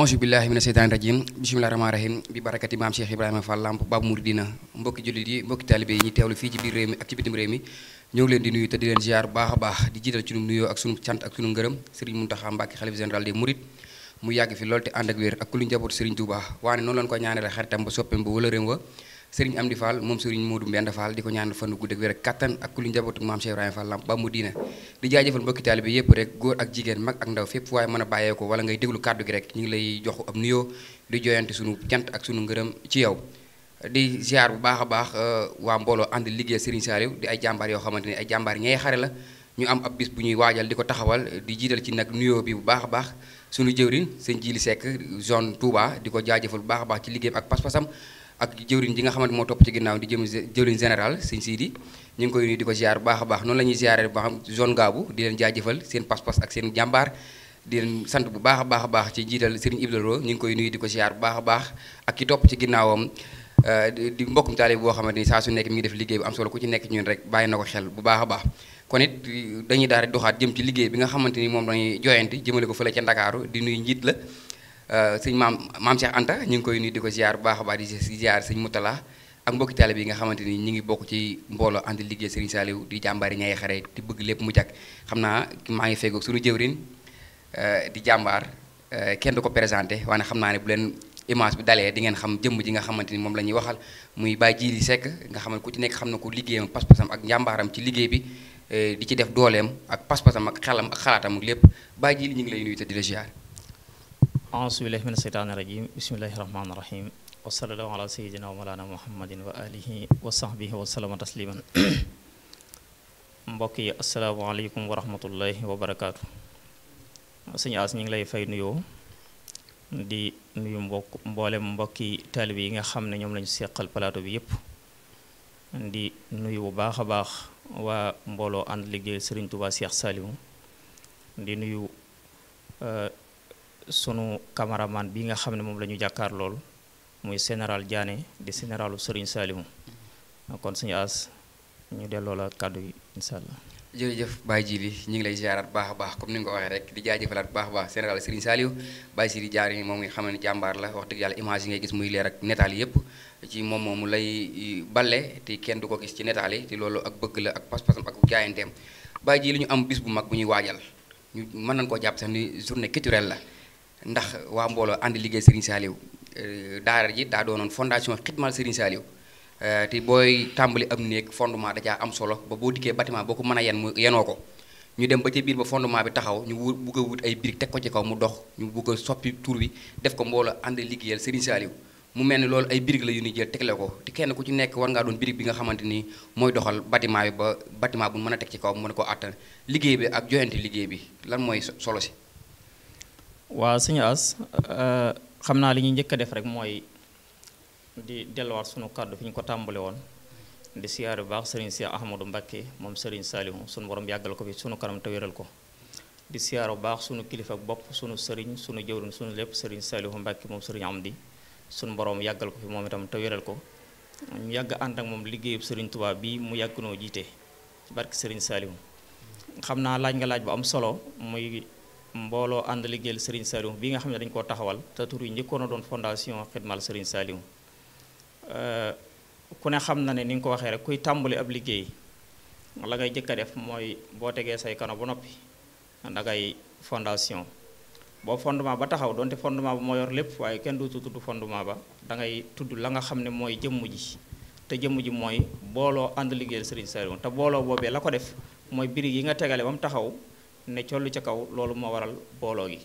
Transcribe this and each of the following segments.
ange billahi mina seytaani rajim bisimilah rahmaan rahim bi barakati maam Cheikh Ibrahima Fall Lamp Babu Mouridina mbokki jullit yi mbokki taalibe yi ñu teewlu fii ci biir réew mi ak ci bitim réew mi ñoo leen di nuyu te di leen ziar baax baax di jiital ci nu nuyoo ak sunu cant ak sunu ngërëm Serigne Mountakha Mbacké xalif général des Mourides mu yàgg fi lool te ànd ak wér ak ku lu njaboot Serigne Touba waane noonu lañu ko ñaanale xaritam ba soppeem sëriñ Amdi Fall moom sëriñ Modou Mbenda faal di ko ñaanal fan wu gudd ak ak kattan ak ku lu njabootu maam Cheikh Ibrahima Fall ba mu diine di jaajëfal mbokki taalibe yépp rek góor ak jigéen mag ak ndaw fépp waaye mën a bàyyeeko ko wala ngay déglu kàddu gi rek ñu ngi lay jox ab nuyoo di jooyante sunu cant ak sunu ngërëm ci yow di ziar bu baax a baax euh, waa mbooloo ànd liggéey sëriñ Saliou di ay jàmbaar yoo xamante ni ay jàmbaar ñay xare la ñu am ab bis bu ñuy waajal di ko taxawal di jiital ci nag nuyoo bi bu baax a baax sunu jëwriñ sëñ Jili Seck zone Touba di ko jaajëfal bu baax a ci liggéeyam ak pas-pasam ak jëwriñ ji nga xamante moo topp ci ginnaaw di jëm jëwriñ général sëñ Sidi ñu ngi koy nuyu di ko ziar baax a baax noonu la ñuy ziaree ba xam zone Ngaabu di leen jaajëfal seen pas bu baax a baax a baax ci jiital Serigne Lo ñu ngi koy nuyu di ko ziar a baax ak ki topp ci ginnaawam euh, di mbokkum taalibe boo xamante ni saa su nekk mi ngi def liggéey bu am solo ku ci nekk ñun rek bàyyi na ko xel bu baax a baax kon it dañuy daal di doxaat jëm ci liggéey bi nga xamante ni moom lañuy joyante jëmale ko fële ca Ndakaaru di nuyu njiit la Euh, sëñ maam maam Cheikh Anta ñu ngi koy nuyu di ko ziar bu baax a baax di ziar sëñ Moutala ak mbokki taalibe yi nga xamante ni ñu ngi bokk ci mbooloo ànd liggéey Serigne Saliou di jàmbaari ñay xare di bëgg lépp mu jag xam naa maa ngi fegoog suñu jëwrin euh, di jàmbaar euh, kenn du ko présenté waaye xam naa ne bu leen image bi dalee di ngeen xam jëmm ji nga xamante ni moom la ñuy waxal muy Baye Djili Seck nga xam ne ku ci nekk xam na ko liggéeyam pas-pasam ak njàmbaaram ci liggéey bi ci def dooleem ak pas-pasam ak xelam ak xalaatam lépp Baye Djili ñu ngi lay nuyu te di أعوذ بالله من الشيطان الرجيم بسم الله الرحمن الرحيم وصلى الله على سيدنا ومولانا محمد وآله وصحبه وسلم تسليما مبكي السلام عليكم ورحمة الله وبركاته سيدنا أسنين الله يفايد نيو دي نيو مبك مبالي مبكي تالبي نغا خامن نيوم لنجو سيق البلاتو بيب دي نيو باخ باخ و مبالو أند لجي سرين توبا سيخ سالي دي نيو أه sunu cameraman bi nga xam ne moom la ñu jàkkaar lool muy sénéral Diané di généralu Serigne Salimu kon suñu as ñu delloo la kàddu yi incha allah. jërëjëf Baye Djili ñu ngi lay ziaraat baax a comme ni nga waxee rek di jaajëfalaat baax a baax général Serigne Saliou Baye Sidi Diané moom nga xam ne jàmbaar la wax dëgg yàlla image ngay gis muy leer ak netaal yépp ci moom moomu lay euh, balle te kenn du ko gis ci netaal yi te loolu ak bëgg la ak pas-pasam ak jaayanteem Baye Djili ñu am bis bu mag bu ñuy waajal ñu mën nañ koo jàpp sax ni journée culturelle la. ndax waa mbooloo ànd liggéey Serigne Saliou euh, daara ji daa doonoon fondation xidmal Serigne Saliou euh, te booy tàmbali am néeg fondement da caa am solo ba boo dikkee bâtiment boo ko mën a yen mu yenoo ko ñu dem ba ca biir ba fondement bi taxaw ñu wut bugg a ay briques teg ko ci kaw mu dox ñu bugg soppi tur wi def ko mbooloo ànd liggéeyal Serigne Saliou mu mel ni loolu ay briques yu ni jël tegle ko kenn ku ci nekk war ngaa doon bi nga xamante ni mooy doxal bâtiment bi ba bâtiment bu mën a teg ci kaw mën ko àttan liggéey bi ak joyante liggéey bi lan mooy solo si waa suñu as euh, xam naa li ñu njëkk a def rek mooy di delluwaat sunu kàddu fi ñu ko tàmbale woon di siyaare bu baax sëriñ Cheikh Ahmadou Mbacké moom sëriñ Saliou sunu boroom yàggal ko fi sunu kanam te ko di siyaare bu baax kilifa bopp sunu sëriñ sunu jëwriñ sunu lépp sëriñ Saliou Mbacké moom sëriñ Amdi sunu borom yàggal ko fi moom itam te ko ñu yàgg ànd ak moom liggéeyub sëriñ Touba bii mu yàgg noo jiite barki sëriñ Saliou xam naa laaj nga laaj bu am solo muy mbooloo ànd liggéeyal Serigne Saliou bi nga xam ne dañu koo taxawal te tur yi njëkkoon a doon fondation xidmal Serigne Saliou euh, ku ne xam na ne ni nga ko waxee rek kuy tàmbali ab liggéey la ngay jëkk a def mooy boo tegee say kano ba noppi da ngay fondation boo fondement ba taxaw donte fondement ba moo yor lépp waaye kenn du tudd fondement ba da ngay tudd la nga xam ne mooy jëmm te jëmm mooy booloo ànd liggéeyal Serigne Saliou te booloo boobee la ko def mooy birig yi nga tegale ba mu taxaw. ne collu ca kaw loolu moo waral booloo gi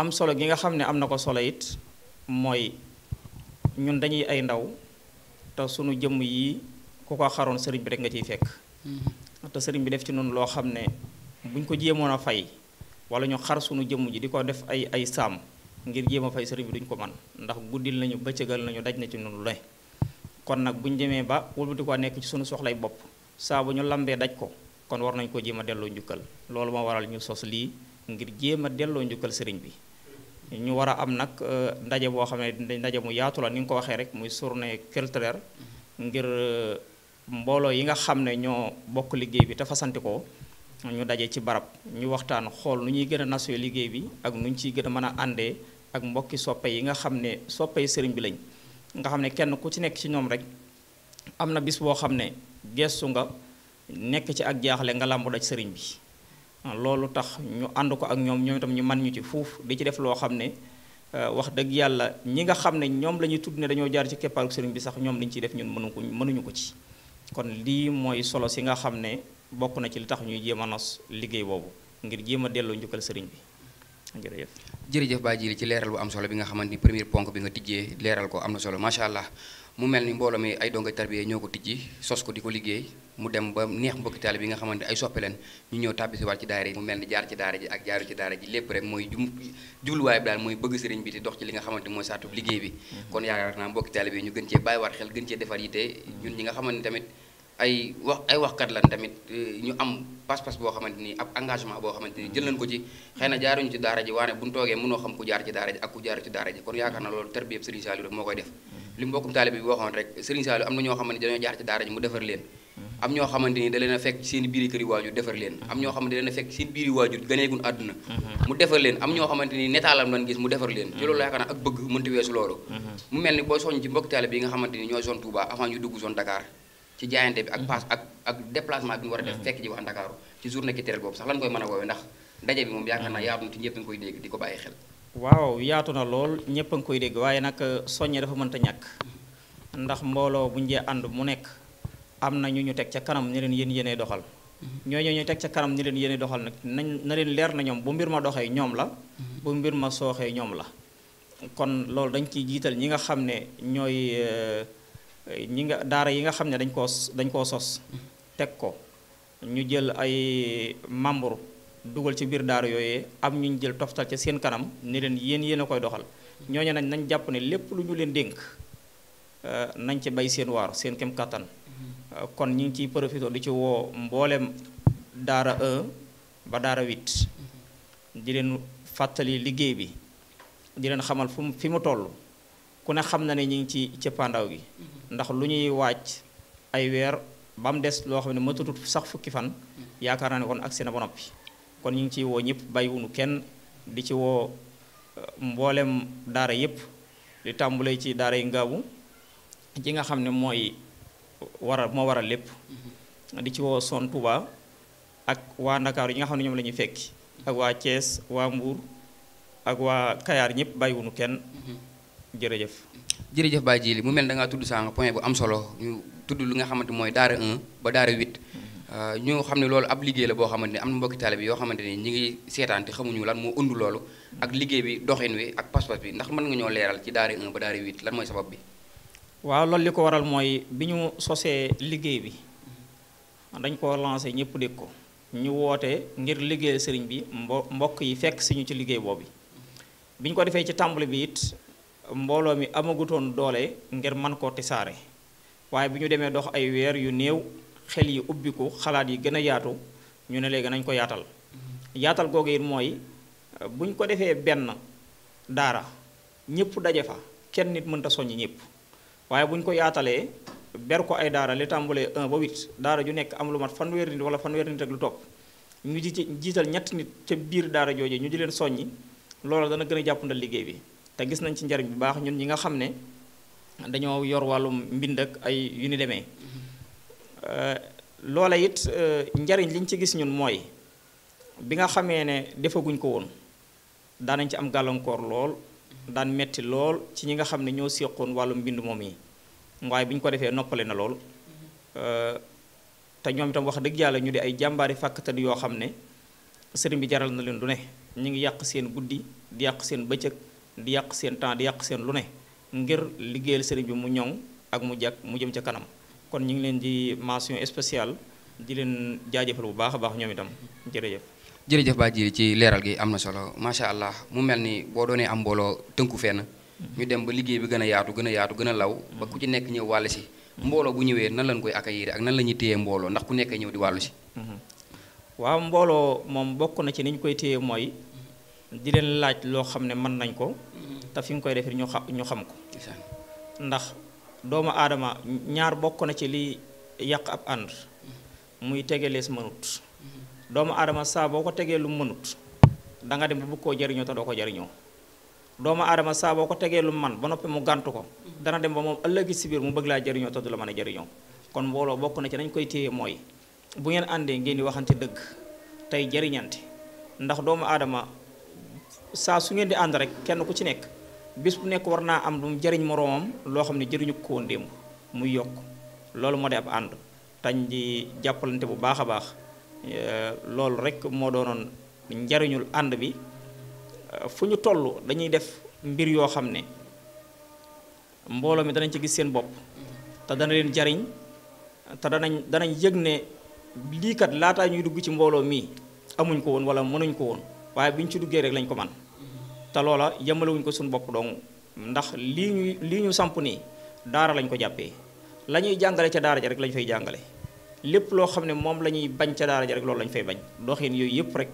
am solo gi nga xam ne am na ko solo it mooy ñun dañuy ay ndaw te sunu jëmm yi ku ko xaroon sëriñ bi rek nga ciy fekk mm-hmm. te sëriñ bi def ci noonu loo xam ne buñ ko jéemoon a fay wala ñu xar sunu jëmm ji di ko def ay ay saam ngir jéem a fay sëriñ bi duñ ko man ndax guddil nañu bëccëgal nañu daj na ci noonu lay kon nag buñ demee ba wëlbati ko nekk ci sunu soxlay bopp saa bu ñu lambee daj ko kon war nañ ko jema delo delloo loolu ma waral ñu sos li ngir jema delo delloo sëriñ bi ñu war am nak, euh, ndaje bo xamne ne ndaje mu yaatu la ni nga ko waxe rek muy sourné culturelle ngir euh, mbolo yi nga xamne ne ñoo bokk liggéey bi ta fasanti ko ñu dajé ci barab ñu waxtaan xol nu ñuy gëna nasu nasoo liggéey bi ak nu ñu ciy gën a mën ak mbokki soppé yi nga xamne ne soppe sëriñ bi lañ nga xamne ne kenn ku ci nekk ci ñom rek amna bis bo xamne ne nga nekk ci ak jaaxle nga làmb daj sëriñ bi ah, loolu tax ñu ànd ko ak ñoom ñoom tam ñu man ñu ci fuuf di ci def loo xam ne euh, wax dëgg yàlla ñi nga xam ne ñoom la ñuy tudd ne dañoo jaar ci keppaaru sëriñ bi sax ñoom liñ ciy def ñun mënu ko mënuñu ko ci kon lii mooy solo si nga xam ne bokk na ci li tax ñuy jéem a nos liggéey boobu ngir jéem a delloo njukkal sëriñ bi jërëjëf jërëjëf baa Djily ci leeral bu am solo bi nga xamante ni premier ponk bi nga tijjee leeral ko am na solo macha allah mu mel ni mbooloo mi ay donga tarbiya ñoo ko tijji sos ko di ko liggéey mu dem ba neex mbokki taalibe yi nga xamante ay soppe leen ñu ñëw tàbbisiwaat ci mu mel ni jaar ci daara ji ak jaaru ci daara ji lépp rek mooy jum jubluwaay bi daal mooy bëgg sëriñ bi di dox ci li nga xamante mooy saatu liggéey bi mm-hmm. kon yaakaar naa mbokki taalibe yi ñu gën cee bàyyiwaat xel gën cee defar yite ñun ñi nga xamante tamit ay wax ay waxkat lan tamit eh, ñu am pas-pas boo xamante ni ab engagement boo xamante ni jël nañ ko ci xëy na jaaruñu ci daara ji waane buñu toogee mënoo xam ku jaar ci daara ji ak ku jaaru li mbokkum taalibe bi waxoon rek Serigne Saliou am na ñoo xamante ni dañoo jaar ci daara ji mu defar leen am ñoo xamante ni da leen a fekk seen biiri këri waajur defar leen am ñoo xamante a fekk seen biiri waajur ganeegun àdduna mhm. mu defar leen am ñoo xamante ni netaalam lan gis mu defar leen ci loolu mhm. yaakaar naa ak bëgg mënta weesu loolu mhm. mu mel ni boo soññ ci mbokk taalibe yi nga xamante ni ñooy zone Touba avant ñu dugg zone Dakar ci jaayante bi ak pass ak ak déplacement bi ñu war a def fekk ji waa Ndakaaru waaw yaatu na lool ñëpp a ngi koy dégg waaye nag euh, soññe dafa mënta ñàkk ndax mbooloo bu njee ànd mu nekk am na ñu ñu teg ca kanam ni leen yéen yéenee doxal ñooñu ñu teg ca kanam ni leen yéenee doxal nag nañ na leen leer na ñoom bu mbir ma doxee ñoom la bu mbir ma sooxee ñoom la kon loolu dañ ciy jiital ñi nga xam ne ñooy euh, ñi nga daara yi nga xam ne dañ koo dañ koo sos teg ko ñu jël ay membre dugal ci biir daara yooyee am ñu ñu jël toftal ca seen kanam ni leen yéen yéen a koy doxal ñooñu nañ nañ jàpp ne lépp lu ñu leen dénk euh, nañ ci bay seen waar seen kem kattan euh, kon ñu ngi ciy profité di ci woo mboolem daara 1 ba daara 8 di leen fàttali liggéey bi di leen xamal fu mu toll ku ne xam na ne ñu ngi ci cëppaandaw gi ndax lu ñuy waaj ay weer ba mu des loo xam ne matutut sax fukki fan yaakaar naa ne kon agsi na ba noppi kon ñu ngi ci woo ñëpp bàyyiwunu kenn di ci wo eh, mboolem daara yep di tambule ci daara yi ngaabu ji nga xamne moy wara mo wara lepp mm-hmm. di ci wo son Touba ak wa Ndakaaru yi nga xamne ñom lañu fekk ak wa Thiès wa Mbour ak waa Kayaar ñëpp bàyyiwunu kenn mm-hmm. jërëjëf jërëjëf Baye Djily mu mel da nga tuddu sànq point bu am solo ñu tuddu li nga xamanteni moy daara 1 ba daara 8 Euh, ñu xam ne loolu ab liggéey la boo xamante ne am na mbokki taalibe bi yoo xamante ni ñu ngi seetaan te xamuñu lan moo ënd loolu ak liggéey bi doxin wi ak pas-pas bi ndax mën nga ñoo leeral ci daara 1 ba daara 8 lan mooy sabab bi waaw loolu li ko waral mooy bi ñu sosee liggéey bi dañ ko lancé ñëpp dégg ko ñu woote ngir liggéeyal sëriñ bi mbo mbokk yi fekk si ñu ci liggéey boobu bi ñu ko defee ci tàmbali bi it mbooloo mi amagutoon doole ngir man koo tisaare waaye bi ñu demee dox ay weer yu néew xel yi ubbiku xalaat yi gën a yaatu ñu ne léegi nañ ko yaatal yaatal googu it mooy buñ ko defee benn daara ñëpp daje fa kenn nit mënta soññ ñëpp waaye buñ ko yaatalee ber ko ay daara li tàmbalee 1 ba 8 daara ju nekk am lu mat fanweeri nit wala fanweeri nit ak lu topp ñu di jiital ñetti nit ca biir daara jooje ñu di leen soññi loolu dana gën a jàppandal liggéey bi te gis nañ ci njariñ bu baax ñun ñi nga xam ne dañoo yor wàllum mbind ak ay yu ni demee Eh, loola it eh, njariñ liñ ci gis ñun mooy bi nga xamee ne defaguñ ko woon daanañ ci am gàllankoor lool daan metti lool ci ñi nga xam ne ñoo séqoon wàllu mbind moom yi waaye ko defee noppale na lool eh, te ñoom itam wax dëgg yàlla ñu di ay jàmbaari fàkkatan yoo xam ne sëriñ bi jaral na leen lu ne ñi ngi yàq seen guddi di yàq seen bëccëg di yàq seen temps di yàq seen lu ne ngir liggéeyal sëriñ bi mu ñoŋ ak mu jag mu jëm ca kanam kon ñu ngi leen di mention spéciale di leen jaajëfal bu baax a baax ñoom itam jërëjëf. jërëjëf Ba Diir ci leeral gi am na solo macha allah mu mel ni boo doonee am mbooloo tënku fenn. ñu dem ba liggéey bi gën a yaatu gën a yaatu gën a law. ba ku ci nekk ñëw wàll si. mbooloo bu ñëwee nan lañ koy accueillir ak nan la ñuy téye mbooloo ndax ku nekk ñëw di wàllu si. Mm-hmm. waaw mbooloo moom bokk na ci ni ñu koy téye mooy di leen laaj loo xam ne mën nañ ko mm-hmm. te fi nga koy defee ñu xam ñu ko. ndax doomu aadama ñaar bokk na ci li yàq ab ànd muy tege lees mënut doomu aadama saa boo ko tegee lum mënut da nga dem bu koo jariñoo te doo ko jariñoo doomu aadama saa boo ko tegee lu man ba noppi mu gàntu ko dana dem ba moom ëllëg si biir mu bëgg laa jariñoo te la mën a jariñoo kon mbooloo bokk na ci nañ koy téye mooy bu ngeen àndee ngeen di waxante dëgg tey jariñante ndax doomu aadama saa su ngeen di ànd rek kenn ku ci nekk bis bu nekk war naa am lu mu jariñ moroomam loo xam ne jariñu ko woon démb muy yokk loolu moo de ab ànd tañ di jàppalante bu baax a baax euh, loolu rek moo doonoon njariñul ànd bi euh, fu ñu toll dañuy def mbir yoo xam ne mbooloo mi danañ ci gis seen bopp te dana leen jariñ te danañ danañ yëg ne lii kat laataa ñuy dugg ci mbooloo mi amuñ ko woon wala mënuñ ko woon waaye bi ñu ci duggee rek lañ ko man te loola yëmalewuñ ko suñu bopp dong ndax lii ñu ñu samp ni daara lañ ko jàppee la ñuy jàngale ca daara ja rek lañ fay jàngale lépp loo xam ne moom la ñuy bañ ca daara ja rek loolu lañ fay bañ doxin yooyu yëpp rek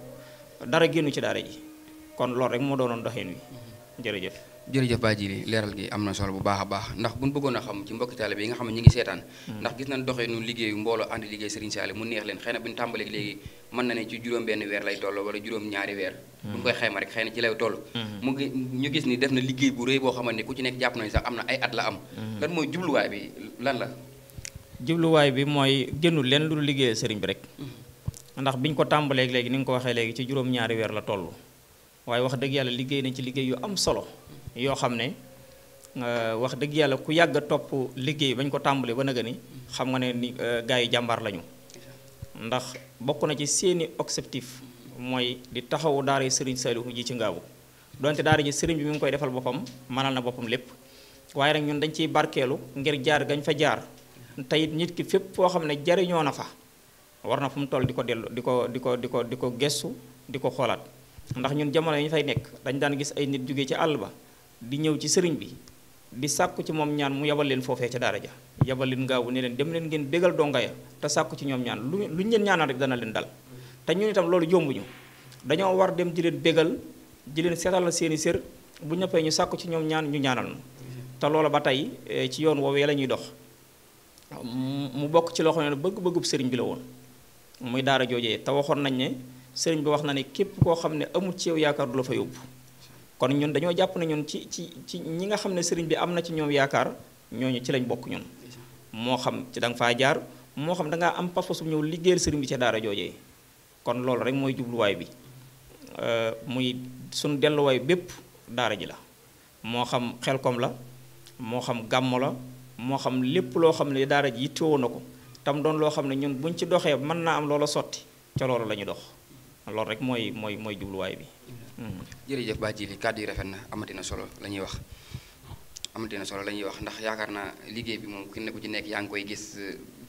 dara génnu ci daara ji kon loolu rek moo doonoon doxin wi jërëjëf jërëjëf Ba Jili leeral gi am na solo bu baax a baax ndax buñ bëggoon a xam ci mbokki taalibe yi nga xam ne ñu ngi seetaan hmm. ndax gis nañ doxee nu liggéeyu mbooloo andi liggéey Serigne Saliou mu neex leen xëy na bu tàmbalee na ne ci juróom benn weer lay toll wala juróom ñaari weer bu ñu koy xayma rek xëy na ci lay toll mm-hmm. mu ngi ñu gis ni def na liggéey bu rëy boo xamante ni ku ci nekk jàpp nañu sax am na ay at la am mm-hmm. lan mooy jubluwaay bi lan la jubluwaay bi mooy jëndul leen lu liggéeyal sëriñ bi rek mm-hmm. ndax biñ ko tàmbalee léegi ni nga ko waxee léegi ci juróom-ñaari weer la toll waaye wax dëgg yàlla liggéey nañ ci liggéey yu am solo yoo xam ne wax dëgg yàlla ku yàgg topp liggéey bañ ko tàmbalee ba naga ni xam nga ne ni euh, gars yi jàmbaar lañu ndax ci seeni objectif Moy di taxawu daara serigne salihu ji ci ngaabu donte daara ji serigne bi mi ngi koy defal bopam manal na bopam lepp waye rek ñun dañ ciy barkelu ngir jaar gañ fa jaar tay nit ki fepp fo xamne ne jariñoo na fa warna na fu mu toll di ko diko di ko di ko di ko ndax ñun jamono yi ñu fay nek dañ daan gis ay nit jógee ci àll ba di ñew ci serigne bi di sakku ci mom ñaan mu yabal leen fofé ci daara ja yabal leen ngaawu ne leen dem leen ngeen bégal donga ya ta sakku ci ñom ñaan lu ñeen ñaanal rek dana leen dal te ñun itam loolu yombuñu dañoo war dem di leen bégal di leen seetal seeni sër bu ñëppee ñu sàkku ci ñoom ñaan ñu ñaanal ñu te loola ba tey e, ci yoon woowee la ñuy dox mu bokk ci loo ne bëgg-bëggub sëriñ bi la woon muy daara joojee te waxoon nañ ne sëriñ bi wax na ne képp koo xam ne amul ci yow yaakaar du la fa yóbbu kon ñun dañoo jàpp ne ñun ci ci ci ñi nga xam ne sëriñ bi am na ci ñoom yaakaar ñooñu ci lañ bokk ñun moo xam ci da nga faa jaar moo xam da ngaa am pas-pasu ñëw liggéeyal sëriñ bi ca daara joojee kon loolu rek mooy jubluwaay bi euh, muy sunu delluwaay bépp daara ji la moo xam xel koom la moo xam gàmmu la moo xam lépp loo xam ne daara ji yittewoo na ko tam doon loo xam ne ñun buñ ci doxee mën naa am loola sotti ca loolu la ñu dox loolu rek mooy mooy mooy jubluwaay bi. Hmm. jërëjëf Ba Djili kàddu yi rafet na amati na solo la ñuy wax. amati na solo la ñuy wax ndax yaakaar naa liggéey bi moom kenn ku ci nekk yaa ngi koy gis.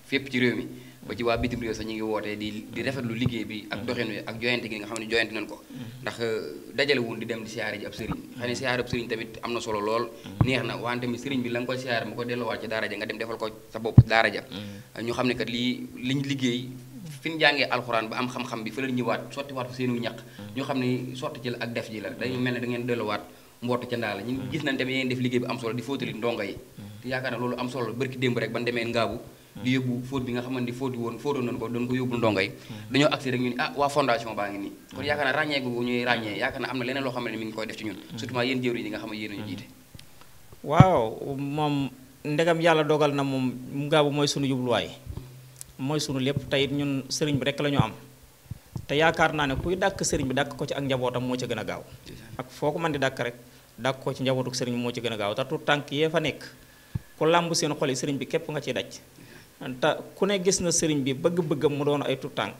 fépp ci réew mi ba ci waa bitim réew sax ñu ngi wootee di di rafetlu liggéey bi ak mm-hmm. doxin wi ak joyante gi ne joyante nañ ko mm-hmm. ndax euh, dajale wun di dem siyaare ji ab sëriñ xam mm-hmm. ne ab sëriñ tamit am na solo lool neex na waan tamit sëriñ bi la nga ko delluwaat ci daara ja ko sa bopp daara ja ñu xam ne kat lii liñ liggéey fi ñu jàngee alxuraan ba am xam-xam bi fa leen ñëwaat sottiwaat fa seenu ñaq ñu xam ne sotti ci la ak def ji la dañu da ngeen delluwaat mbootu ca ndaa la ñu gis nañ tamit yéen def liggéey bi am solo di fóotali ndongo yi te yaakaar na loolu am solo barki démb rek ban demee ngaabu di yóbbu fóot bi nga xamanteni ni won woon non ko don ko yóbbul ndongay dañu dañoo rek ñun ah wa fondation baa ngi nii kon yaaka na ragne gu ñuy ragne yaaka na am leneen lo xamanteni mi ngi koy def ci ñun surtout yeen jëwriñ yi nga xamanteni yeen ñu jité waaw mom ndegam yalla dogal na gaabu moy suñu yobul way moy suñu lepp tey ñun sëriñ bi rek la ñu am te yaakar na ne kuy dak sëriñ bi dak ko ci ak njabotam mo ci gëna gaaw ak foko man di dak rek dak ko ci njabotuk sëriñ mo ci gëna gaaw ta te tank ye fa nek ko lamb seen xol sëriñ bi kep nga ci dacc anta ku ne gis na sëriñ bi bëgg bëgg mu doon ay tutank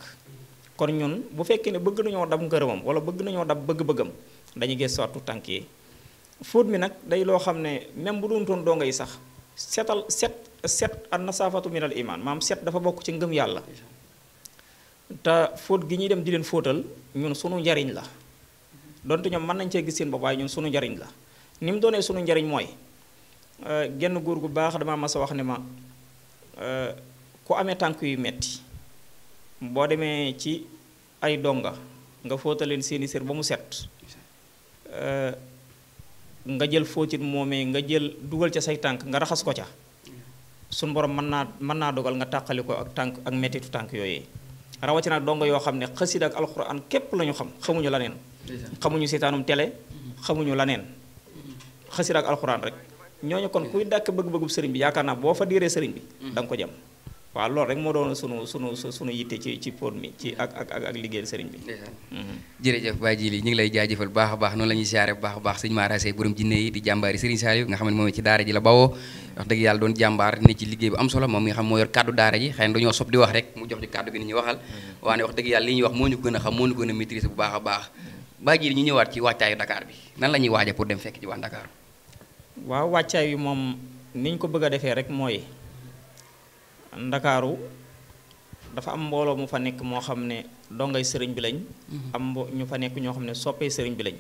kon ñun bu fekkee ne bëgg nañu dab ngeerum wala bëgg nañu dab bëgg-bëggam dañu gis waat tutànk yi mi nak day lo xamne ne même bu ton donga ngay sax setal set set an nasaafatu min al iman maam set dafa bok ci ngëm yalla Ta food gi ñi dem di leen fotal ñun suñu jariñ la donte ñom man nañ ci gis seen bopp waaye ñun suñu jariñ la nim doone suñu jariñ moy euh genn goor gu baax dama ma sa wax ne ma ku amee tànk yu metti boo demee ci ay donga nga fóotal leen seeni sér ba mu set euh, nga jël fóotit moomee nga jël dugal ca say tànk nga raxas ko ca suñ borom mën naa mën naa dogal nga tàqali ko ak tànk ak mettitu tànk yooyee rawatina donga yoo xam ne xasida ak alxuraan képp lañu xam xamuñu laneen xamuñu seetaanum tele mm-hmm. xamuñu laneen mm-hmm. xasida ak alxuraan rek ñooñu kon kuy dàkk bëgg-bëggub sëriñ bi yaakaar naa boo fa diiree sëriñ bi da ko jam waaw loolu rek moo doon sunu sunu sunu yitte ci ci mi ci ak ak ak liggéeyal sëriñ bi. Mhm. jërëjëf Baye Djily ñu ngi lay jaajëfal bu a baax noonu la ñuy siyaare bu baax a baax sëñ Mara Seye borom jinne yi di jàmbaari sëriñ Saliou nga xam ne moom ci daara ji la bawoo wax dëgg yàlla doon jàmbaar ne ci liggéey bu am solo moom moo yor kàddu daara ji xëy na dañoo sob di wax rek mu jox ci kàddu gi ni ñuy waxal mhm. waaye wax dëgg yàlla li ñuy wax moo ñu gën a xam moo ñu gën bu baax a baax Baye Djily ñu bi nan la ñuy waaja pour dem fekk ci waa Dakar waaw wàccaay wi moom niñ ko bëgg a defee rek mooy ndakaaru dafa am mbooloo mu fa nekk moo xam ne dongay sëriñ bi lañ mm-hmm. am ñu fa nekk ñoo xam ne soppee sëriñ bi lañ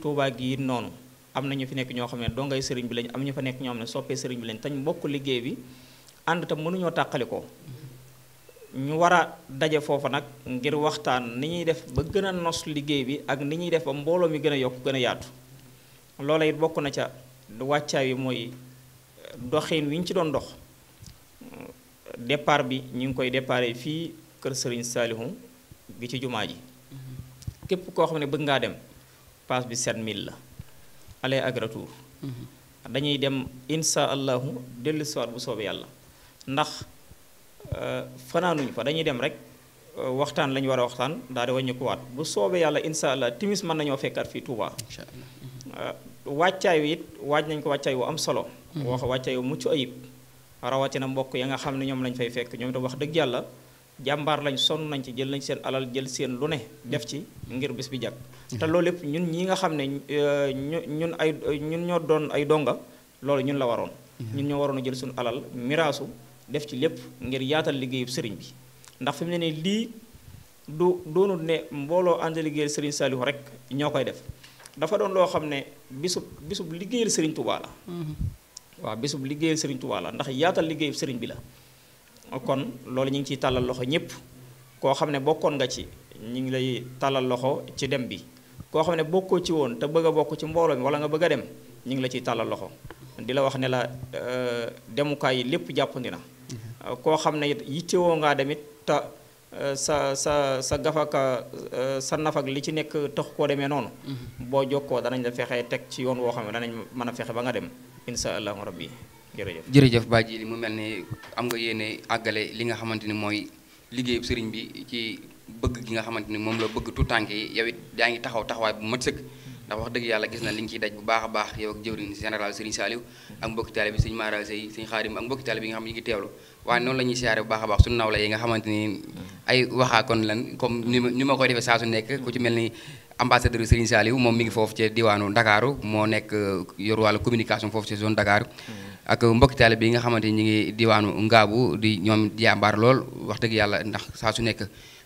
tuubaa gi noonu am na fi nekk ñoo xam ne dongay sëriñ bi lañ am ñu fa nekk ñoo ne soppee sëriñ bi lañ tañ bokk liggéey bi ànd tam mënuñoo tàqalikoo mm-hmm. ñu war a daje foofa nag ngir waxtaan ni ñuy def ba gën a nos liggéey bi ak ni ñuy def ba mbooloo mi gën a yokk gën a yaatu loola it bokk na ca wàccaay wi mooy euh, doxin wi ci doon dox départ bi ñu ngi koy déparé fii kër Serigne Salihu gi ci jumaa ji képp koo xam ne bëgg ngaa dem paas bi mill la aller ak dañuy dem insha allahu dellu soir bu soobee yàlla ndax euh, fanaanuñu fa dañuy dem rek euh, waxtaan lañu war a waxtaan daal di wàññi waat bu soobee yàlla insha allah timis mën nañoo fekkaat fii Touba wàccaay wi it waaj nañ ko wàccaay wu am solo. Hmm. wax wàccaay wu mucc ayib. rawatina mbokk ya nga xam ne ñoom lañ fay fekk ñoom itam wax dëgg yàlla jàmbaar lañ sonn nañ ci jël nañ seen alal jël seen lu ne def ci ngir bis bi jag. Hmm. te loolu lépp ñun ñi nga xam ne eh, ñu ñun ay ñun ñoo doon ay donga loolu ñun la waroon. Hmm. ñun ñoo waroon jël suñu alal miraasu def ci lépp ngir yaatal liggéeyub sëriñ bi ndax fi mu ne nii lii du doonul ne mbooloo ànd liggéeyal sëriñ Saliou rek ñoo koy def. dafa doon loo xam ne bisub bisub liggéeyal sëriñ Touba la. Mhm. waaw bisub liggéeyal sëriñ Touba ndax yaatal liggéeyu sëriñ bi la. kon loolu ñu ngi ciy tàllal loxo ñëpp koo xam ne bokkoon nga ci ñu ngi lay tàllal loxo ci dem bi koo xam ne bokkoo ci woon te bëgg a bokk ci mbooloo mi wala nga bëgg a dem ñu ngi la ciy tàllal loxo di la wax ne la euh, demukaay yi lépp jàppandi na. Mhm. koo xam ne yittewoo ngaa dem te Euh, sa sa sa gafak euh, sa nafag li ci nekk tax koo demee noonu mm-hmm. boo jokkoo danañ la fexe teg ci yoon woo xam ne danañ mën a fexe ba nga dem insha allahu rabbi jërëjëf jërëjëf Ba Djily mu mel ni am nga yéene àggale li nga xamante ni mooy liggéeyub sëriñ bi ci bëgg gi nga xamante ni moom la bëgg tuutànk yi yow it yaa ngi taxaw taxawaay bu mat sëkk ndax wax dëgg yàlla gis na li nga ciy daj bu baax a baax yow ak jëwriñ général Serigne Saliou ak mbokki taalibe bi Serigne Mara Sey Serigne nga a baax la yi xamante ni ay waxaakoon lan ni ma ni saa su nekk ku ci mel ni ambassadeur Serigne moom mi ngi foofu ci diwaanu Ndakaaru moo nekk yor wàllu communication foofu ci zone Dakar ak mbokki taalibe bi nga xamante ni ñu ngi diwaanu Ngaabu di ñoom jàmbaar lool wax dëgg yàlla ndax saa su nekk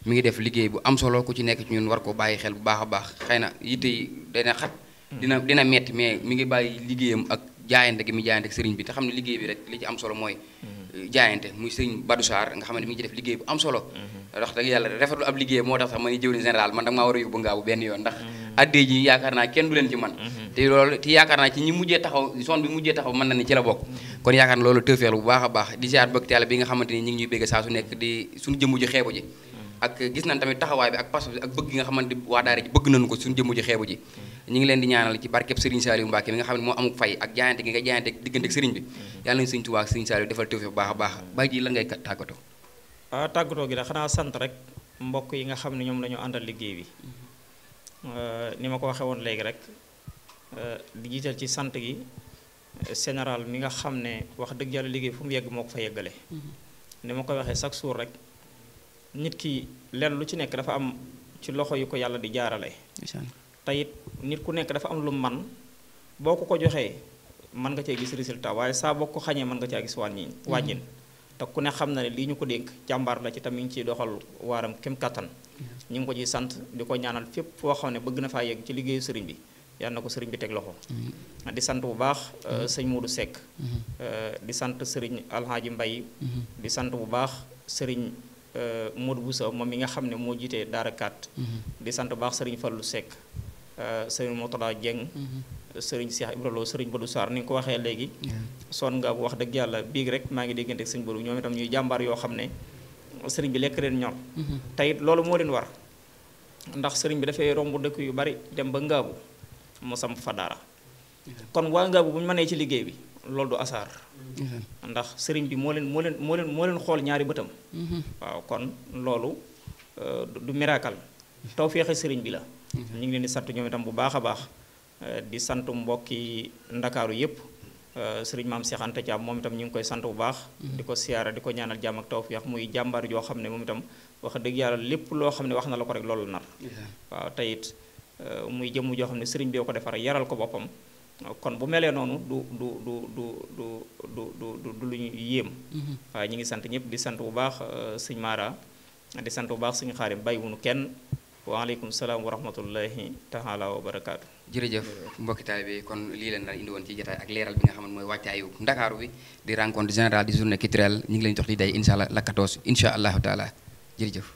mi ngi def liggéey bu am solo ku ci nekk ci ñun war ko bàyyi xel bu baax a baax xëy na yitte yi dana xat hmm. dina dina mi ngi bàyyi liggéeyam ak jaayante gi mu jaayante ak sëriñ bi te xam ne liggéey bi li ci am solo mooy hmm. eh, jaayante muy sëriñ Badou Sarr nga xam ne mi ngi am solo hmm. ndax dëgg yàlla rafetlu moo tax sax ma ni jëwriñ général man da a kenn du leen ci man te yaakaar naa ci ñi mujjee taxaw zone bi mujjee taxaw mën na ni ci la bokk kon yaakaar na loolu tëfeel bu baax a baax bi nga xamante ni ñi ngi ñuy bégg saa su nekk di suñu jëmm ju xeebu ji ak gis nañ tamit taxawaay bi ak pas bi ak bëgg gi nga xamante waa daara ji bëgg nañu ko suñu jëmm ji xeebu ji ñu ngi leen di ñaanal ci barkeb Serigne Saliou Mbacke mi nga xam ne moo amuk gi nga jaayante diggante ak Serigne bi yàlla nañu Serigne Touba ak Serigne Saliou defal a ah, tàggatoo gi da xanaa sant rek mbokk yi nga xam ne ñoom la ñu àndal liggéey bi euh, ni ma ko waxee woon léegi rek euh, di jiital ci sant gi euh, général mi nga xam ne wax dëgg yàlla liggéey fu mu yegg moo ko fa yeggale mm-hmm. ni ma ko waxee chaque jour rek nit ki lenn lu ci nekk dafa am ci loxo yi ko yàlla di jaarale teyit nit ku nekk dafa am lu man boo ko ko joxee mën nga cee gis résultat waaye saa boo ko xañee mën nga cee gis wàññi wàññin mm-hmm. te ku ne xam na ne lii ñu ko dénk jàmbaar la ci tamit ñu ciy doxal waaram kem kattan mm-hmm. ñu ngi ko ciy sant di ko ñaanal fépp foo xam ne bëgg na faa yegg ci liggéeyu sëriñ bi yàlla na ko sëriñ bi teg loxo mm-hmm. di sant bu baax euh, sëñ Modou Seck euh, di sant sëriñ Alhaaji Mbay di sant bu baax sëriñ bu euh, Boussa moom yi nga xam ne moo jiitee Daara 4. Mm-hmm. di sant baax lu Fallou Seck euh, Serigne Moutala Dieng. Mm-hmm. sëriñ Cheikh Ibra Lo sëriñ Badou Sarr ni nga ko waxee léegi. son nga wax dëgg yàlla biig rek maa ngi déggante ak sëñ Badou ñoom itam ñuy jàmbaar yoo xam ne sëriñ bi lekk leen ñor. Mm-hmm. te it loolu moo leen war ndax sëriñ bi dafay romb dëkk yu bari dem ba Ngaabu mu samp fa daara kon waa Ngaabu bu ñu mënee ci liggéey bi. Lol du asar, mm-hmm. ndax serigne bi mo len mo len mo len mo len xol ñaari beutam mm-hmm. waaw kon loolu euh, du miracle. Mm-hmm. tawféexe serigne bi la. ñi ngi leen di sant ñoom itam bu baaxa baax euh, di sant mbokki ndakaru yépp euh, serigne mam Cheikh Anta Thiam mom itam ñi ngi koy sant bu baax. diko siara diko ñaanal jam ak tawféex muy jambar jo xamne mom itam wax deug yalla lepp lo xamne wax na la ko rek loolu nar. waaw tayit muy jëm jo xamne serigne bi ko defara yaral ko bopam kon bu melee noonu du du du du du du du du lu ñu yéem mhm. waaye ñu ngi sant ñëpp di sant bu baax euh, sëñ Mara di sant bu baax sëñ Xaadim bàyyiwunu kenn waaleykum salaam wa rahmatullahi taala wa barakaatu jërëjëf mbokki taalibe bi kon lii leen daal indi woon ci jotaay ak leeral bi nga xam ne mooy wàccaayu ndakaaru bi di rencontre générale di journée culturelle ñu ngi leen jox di day incha allah la 14 incha allahu taala jërëjëf